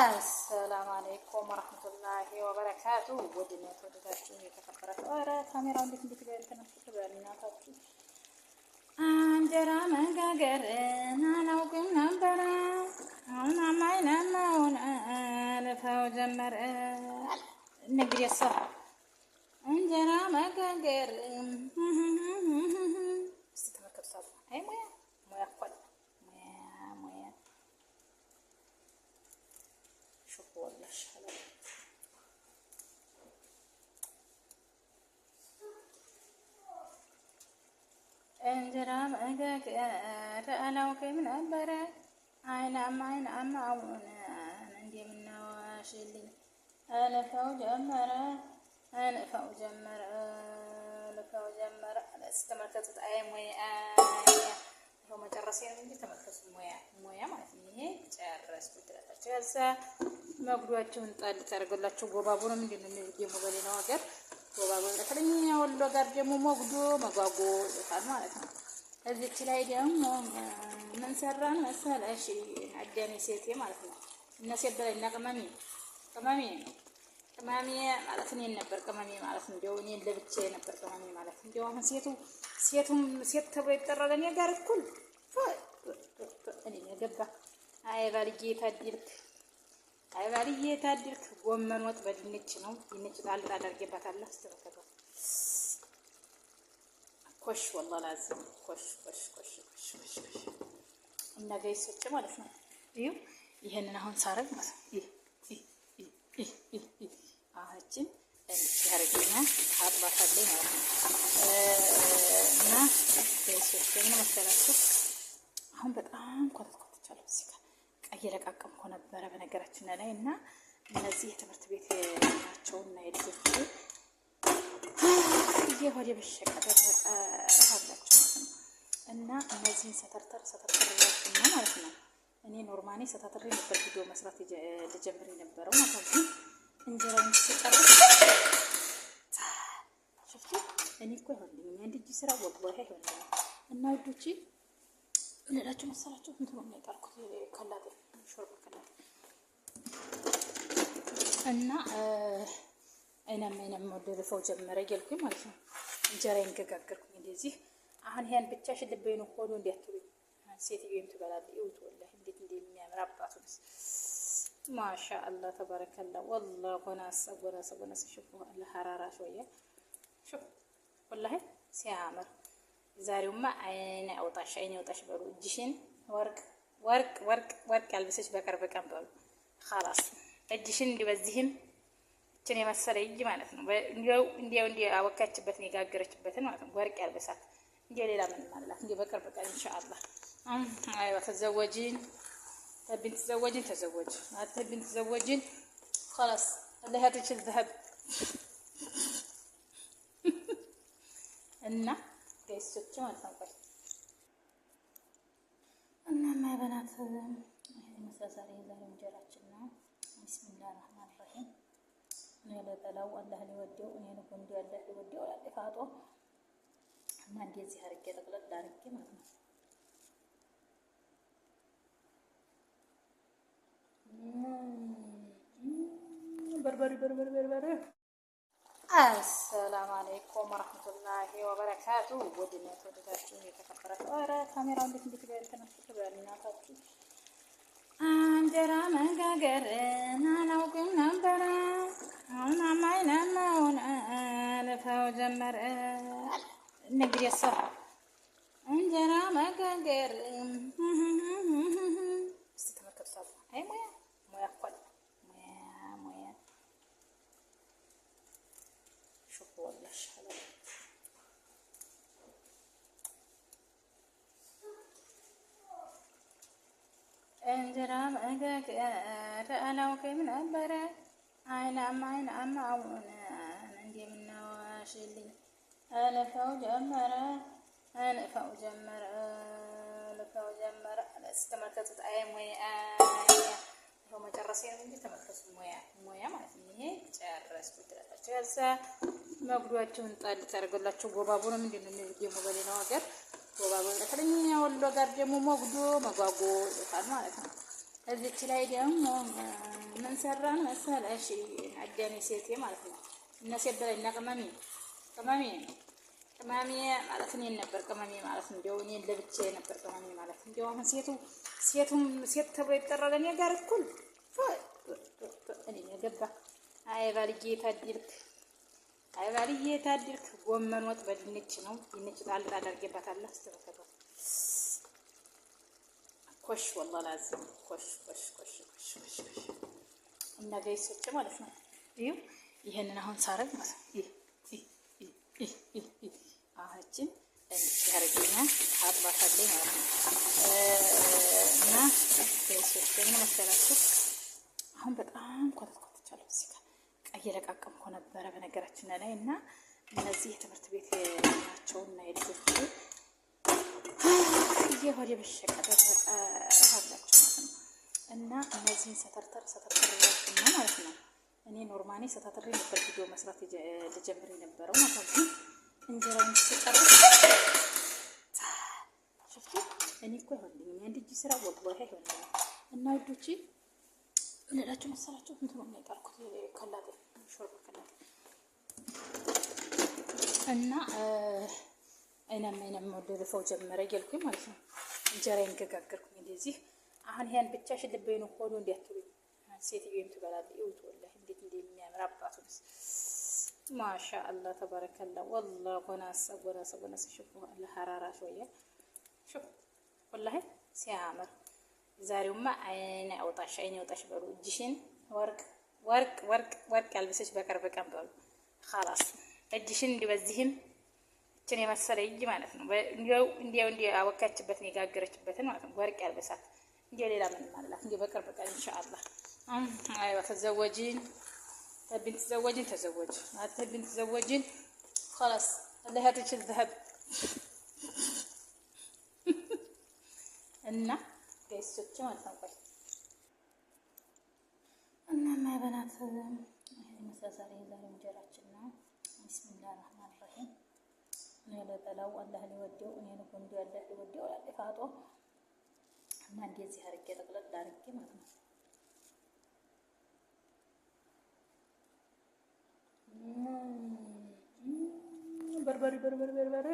አሰላሙ አለይኩም ወረህመቱላሂ ወበረካቱ። ወድና ተወደዳችሁ የተከበራችሁ ኧረ ካሜራው እንዴት እንዴት በል ተነስቶ በእናታችሁ እንጀራ መጋገርን አላውቅም ነበረ። አሁን አማኝ ለመሆን ልፈው ጀመረ። እንግዲህ እሷ እንጀራ መጋገር ከሆነ ይሻላል። እንጀራ ምን ነበረ አይናማ አማ አይን አማ አሁን እንደምናዋሽልኝ አለፋው ጀመረ አለፋው ጀመረ አለፋው ጀመረ ተመልከቱት። አይ ሙያ ይኸው መጨረሴ ነው እንጂ ተመልከቱት። ሙያ ሙያ ማለት ነው። ይሄ ጨረስኩት። ከዛ መጉዳቸውን ጣል ታደርገላቸው ጎባቦ ነው ምንድን ነው የሚሉት? ደግሞ በሌላው ሀገር ጎባቦ በተለይ ወሎ ጋር ደግሞ መጉዶ መጓጎ ይወጣል ማለት ነው። እዚች ላይ ደግሞ ምን ሰራን መሰለሽ? አዳሜ ሴቴ ማለት ነው እነ ሴት በላይ እና ቅመሜ ቅመሜ ነው ቅመሜ ማለት እኔን ነበር ቅመሜ ማለት እንዲያው እኔን ለብቻዬ ነበር ቅመሜ ማለት እንዲያው አሁን ሴቱ ሴቱም ሴት ተብሎ ይጠራል እኔ ጋር እኩል እኔ ገባ አይ ባልጌ ታድልክ አይባሪ የታደርክ ጎመን ወጥ በድንች ነው። ድንች ጣል ጣል አድርጌባታለሁ። ኮሽ ወላሂ ላዚም ኮሽ ኮሽ ኮሽ ኮሽ ኮሽ ኮሽ እና ገይሶች ማለት ነው። እዩ ይሄንን አሁን ሳረግ ማለት ነው። አባታለኝ ማለት ነው። እና ገይሶች ምን መሰላችሁ አሁን በጣም ኮት እየለቃቀምኩ ነበረ በነገራችን ላይ እና እነዚህ የትምህርት ቤት ናቸው እና የልጆች ይሄ የሆዴ በሸቀ እላችሁ እና እነዚህን ሰተርተር ሰተርተር እያልኩና ማለት ነው እኔ ኖርማኔ ሰታተሬ ነበር ቪዲዮ መስራት ልጀምር የነበረው ማለት ነው። እንጀራውን ስጨርስ ሽፍቱ እኔ እኮ ይሆንልኝ የአንድ እጅ ስራ ወላሂ ይሆንልኝ እና ውዶቼ ልላችሁ መሰላቸው እንትን ነው የሚያጠርኩት ከላጤ ሾርክናል እና አይናም አይናም ወደልፈው ጀመረ እያልኩኝ ማለት ነው። እንጀራዬን ገጋገርኩኝ እንደዚህ። አሁን ይሄን ብቻ ሽልበይ ነው ሆኖ እንዲያትሉኝ ሴትዮይም ትበላለች። እውት ወላሂ እንዴት እንደሚያምር አባቱ ማሻ ተባረከላ ወላ ጎናሳ ጎናሳ ጎናሳ ሽፉ ሀራራ ሾያ ሽፉ ወላሂ ሲያምር ዛሬውማ አይኔ አውጣሽ አይኔ አውጣሽ በሉ እጅሽን ወርቅ ወርቅ ወርቅ ወርቅ ያልበሰች በቅርብ ቀን በሉ ላስ እጅሽን እንዲህ በዚህም እችን የመሰለ እጅ ማለት ነው። እንዲያው እንዲያው አወካችበትን የጋገረችበትን ማለት ነው። ወርቅ ያልበሳት እንዲ ሌላ ምን አላት? እንዲ በቅርብ ቀን ኢንሻአላህ አይዋ ተዘወጂን ተቢን ተዘወጂን ተዘወጂ ተቢን ተዘወጂን ላስ ለህትችል ዘሀብ እና ገሶች ማለት ነው እና የማይበላት መሳሳሪ የዛሬ እንጀራችን ነው። ቢስሚላህ ራህማን ራሂም እኔ ለጠላው አላህ ሊወደው እኔ ለጎንዱ አላህ ሊወደው ላለ እና እንደዚህ አድርጌ ጠቅለል አድርጌ ማለት ነው በርበሬ በርበሬ በርበሬ አሰላም አለይኩም ወረህመቱላሂ ወበረካቱ። ወድና ተወደዳችሁ የተከበራችሁ ኧረ ካሜራው እንዴት እንዴት በል እናታችሁ እንጀራ መጋገርን አላውቅም ነበረ። አሁን አማኝ ለመሆን ልፈው ጀመረ። እንግዲህ ሰው እንጀራ መጋገር ነገር ነበረ። አይናማ አይናማ አሁን እንደምናዋሽልኝ አለፈው ጀመረ አለፈው ጀመረ አለፈው ጀመረ። ተመልከቱት። አይ ሙያ ይኸው መጨረሴ ነው እንጂ ተመልከቱ። ሙያ ሙያ ማለት ነው። ይሄ ጨረስኩት ትላላችሁ። ከዛ መጉዳችሁን ጣል ታደርገላችሁ። ጎባቦ ነው ምንድን ነው ደግሞ በሌላው ሀገር ጎባቦ፣ በተለይ ወሎ ጋር ደግሞ መጉዶ መጓጎ ይወጣል ማለት ነው። እዚች ላይ ደግሞ ምን ሰራን መሰለሽ? አዳሜ ሴቴ ማለት ነው። እነ ሴት በላይ እና ቅመሜ ቅመሜ ቅመሜ ማለት እኔን ነበር ቅመሜ ማለት እንዲያው እኔን ለብቻ ነበር ቅመሜ ማለት እንዲያው አሁን ሴቱ ሴቱም ሴት ተብሎ ይጠራል እኔ ጋር እኩል እኔ ገባ። አይ ባልዬ ታድልክ፣ አይ ባልዬ ታድልክ። ጎመን ወጥ በድንች ነው። ድንች ጣል ጣል አድርጌባታለሁ። አስተካከለ ኮሽ ወላ ላዚም ኮሽ ኮሽ ኮሽ ኮሽ ኮሽ ኮሽ እና ጋይሶች ማለት ነው። እዩ ይሄንን አሁን ሳረግ ማለት ነው። ይህ ይህ ይህ ይህ ይህ እና ጋይሶች ደግሞ መሰላችሁ አሁን በጣም ኮተት እዚህ ጋር ቀይ የለቃቀምኩ ነበረ በነገራችን ላይ እና እነዚህ የትምህርት ቤት ናቸውና የልጆች የሆዴ ማለት ነው። እና እነዚህን ሰተርተር ሰተርተር ያልኩና ማለት ነው። እኔ ኖርማኔ ሰተርተር ነበር ቪዲዮ መስራት ልጀምር የነበረው ማለት ነው። እንጀራውን ስጨርስ ሽፍቱ እኔ እኮ አይሆንልኝም፣ የአንድ እጅ ስራ ወላሂ አይሆንልኝም። እና ውዶቼ ሌላችሁ መሰላችሁ ምንድን ነው የሚያቀርኩት ከላጤ ሾርባ ከላጤ እና አይናም አይናም ልፈው ጀመረ እያልኩኝ ማለት ነው። እንጀራዬን ገጋገርኩኝ እንደዚህ። አሁን ይሄን ብቻ ሽልበይኑ ሆኖ እንዲያትሉኝ ሴትዮይም ትበላለች። እውት ወላሂ እንዴት እንደሚያምር አባቱ ማሻ አላህ ተባረከላ። ወላ ጎናሳ ጎናሳ ጎናሳ ሽኩ ለሐራራ ሾያ ሽኩ ወላሂ ሲያምር። ዛሬውማ አይን አውጣሽ አይን አውጣሽ በሉ እጅሽን ወርቅ ወርቅ ወርቅ ወርቅ ያልበሰች በቅርብ ቀን በሉ ኻላስ እጅሽን እንዲበዚህም እችን የመሰለ እጅ ማለት ነው። እንዲያው እንዲያው አወካችበትን የጋገረችበትን ማለት ነው። ወርቅ ያልበሳት እንዲያው ሌላ ምን ማለት እንዲያው በቅርብ ቀን ኢንሻአላህ አይ ተዘወጂን ተብን ተዘወጂን ተዘወጂ አተብን ተዘወጂን خلاص الله ለህርች ዘህብ እና ገይሶች ማለት ነው። ቆይ እና ማበናት ይሄን መሳሳሪ ዛሬ እንጀራችን ነው። ቢስሚላህ እኔ ለጠላው አላህ ሊወደው እኔን ወንዱ ያላህ ሊወደው ያለ ፋጦ እና እንደዚህ አድርጌ ጠቅለል አድርጌ ማለት ነው። በርበሬ በርበሬ በርበሬ